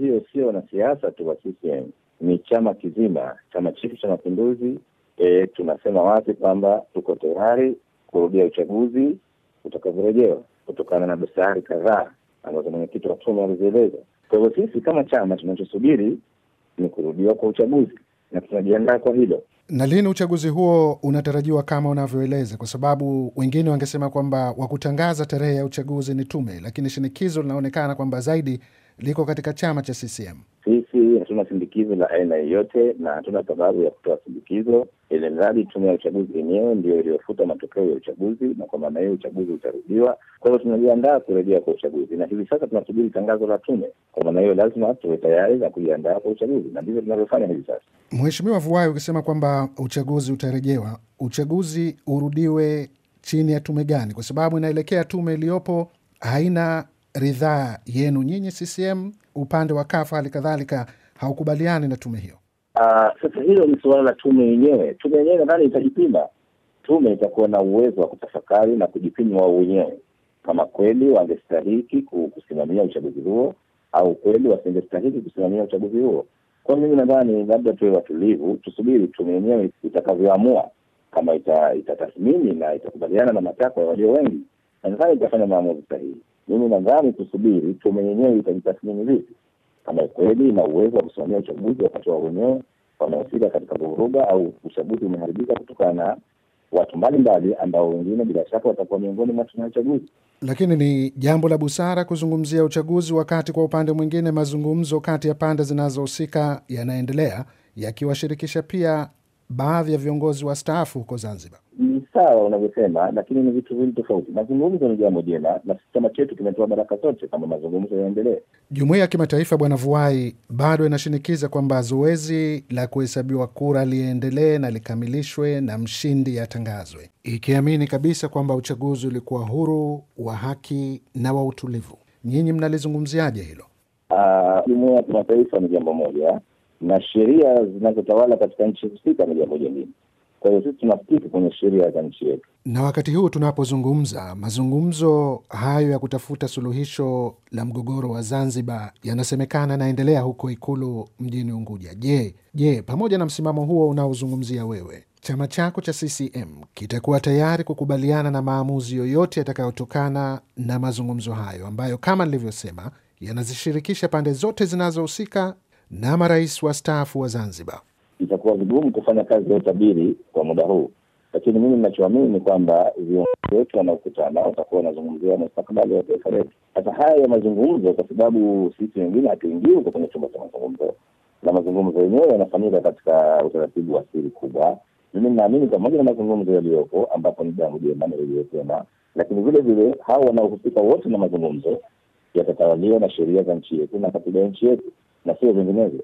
hiyo sio wanasiasa tu wa CCM, ni chama kizima, chama chetu cha Mapinduzi. E, tunasema wazi kwamba tuko tayari kurudia uchaguzi utakavyorejewa kutokana na dosari kadhaa ambazo mwenyekiti wa tume alizieleza. Kwa hivyo sisi kama chama tunachosubiri ni kurudiwa kwa uchaguzi na tunajiandaa kwa hilo. Na lini uchaguzi huo unatarajiwa kama unavyoeleza? Kwa sababu wengine wangesema kwamba wakutangaza tarehe ya uchaguzi ni tume, lakini shinikizo linaonekana kwamba zaidi liko katika chama cha CCM. Sisi hatuna sindikizo la aina yoyote na hatuna sababu ya kutoa sindikizo, ili mradi tume ya uchaguzi yenyewe ndio iliyofuta matokeo ya uchaguzi, na kwa maana hiyo uchaguzi utarudiwa. Kwa hiyo tunajiandaa kurejea kwa uchaguzi, na hivi sasa tunasubiri tangazo la tume. Kwa maana hiyo lazima tuwe tayari na kujiandaa kwa uchaguzi, na ndivyo tunavyofanya hivi sasa. Mheshimiwa Vuai, ukisema kwamba uchaguzi utarejewa, uchaguzi urudiwe chini ya tume gani? Kwa sababu inaelekea tume iliyopo haina ridhaa yenu nyinyi CCM, upande wa kafa hali kadhalika haukubaliani na tume hiyo? Uh, sasa hilo ni suala la tume yenyewe. Tume yenyewe nadhani itajipima, tume itakuwa na uwezo wa kutafakari na kujipima wao wenyewe kama kweli wangestahiki kusimamia uchaguzi huo au kweli wasingestahiki kusimamia uchaguzi huo. Kwa mimi nadhani labda tuwe watulivu, tusubiri tume yenyewe itakavyoamua, kama itatathmini ita na itakubaliana na matakwa ya walio wengi, nadhani itafanya maamuzi sahihi. Mimi nadhani tusubiri tume yenyewe itajitathmini vipi kama kweli ina uwezo wa kusimamia uchaguzi wakati wao wenyewe wamehusika katika kuvuruga au uchaguzi umeharibika kutokana na watu mbalimbali ambao wengine bila shaka watakuwa miongoni mwa tume ya uchaguzi. Lakini ni jambo la busara kuzungumzia uchaguzi wakati kwa upande mwingine mazungumzo kati ya pande zinazohusika yanaendelea yakiwashirikisha pia baadhi ya viongozi wa staafu huko Zanzibar ni sawa unavyosema, lakini ni vitu vingi tofauti. Mazungumzo ni jambo jema, na chama chetu kimetoa baraka zote kama mazungumzo yaendelee. Jumuiya ya kimataifa, Bwana Vuai, bado inashinikiza kwamba zoezi la kuhesabiwa kura liendelee na likamilishwe na mshindi atangazwe, ikiamini kabisa kwamba uchaguzi ulikuwa huru, wa haki na wa utulivu. Nyinyi mnalizungumziaje hilo? Ah, jumuiya ya kimataifa ni jambo moja, na sheria zinazotawala katika nchi husika ni jambo jingine. Kwa hiyo sisi tunapiti kwenye sheria za nchi yetu, na wakati huu tunapozungumza, mazungumzo hayo ya kutafuta suluhisho la mgogoro wa Zanzibar yanasemekana naendelea huko Ikulu mjini Unguja. Je, je, pamoja na msimamo huo unaozungumzia wewe, chama chako cha CCM kitakuwa tayari kukubaliana na maamuzi yoyote yatakayotokana na mazungumzo hayo ambayo kama nilivyosema yanazishirikisha pande zote zinazohusika na marais wastaafu wa Zanzibar? itakuwa vigumu kufanya kazi ya utabiri kwa muda huu, lakini mimi ninachoamini ni kwamba viongozi wetu wanaokutana watakuwa wanazungumzia mustakabali wa taifa letu. Sasa haya ya mazungumzo, kwa sababu sisi wengine hatuingii huko kwenye chumba cha mazungumzo, na mazungumzo yenyewe yanafanyika katika utaratibu wa siri kubwa. Mimi ninaamini pamoja na mazungumzo yaliyopo, ambapo ni jambo jema nililiyosema, lakini vile vile hao wanaohusika wote na mazungumzo yatatawaliwa na sheria za nchi yetu na katiba ya nchi yetu na sio vinginevyo.